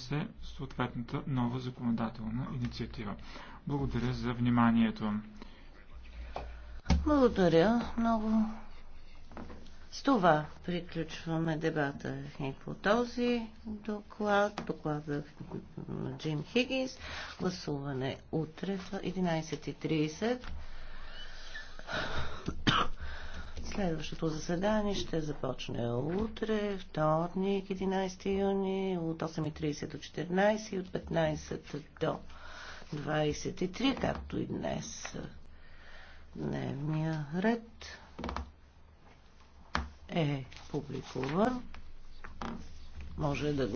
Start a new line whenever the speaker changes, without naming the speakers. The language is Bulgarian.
се съответната нова законодателна инициатива. Благодаря за
вниманието.
Благодаря много. С това приключваме дебата и по този доклад, доклада на Джим Хигинс, гласуване утре в 11.30. Следващото заседание ще започне утре, вторник, 11 юни, от 8.30 до 14 и от 15 до 23, както и днес. Дневния ред е публикуван. Може да го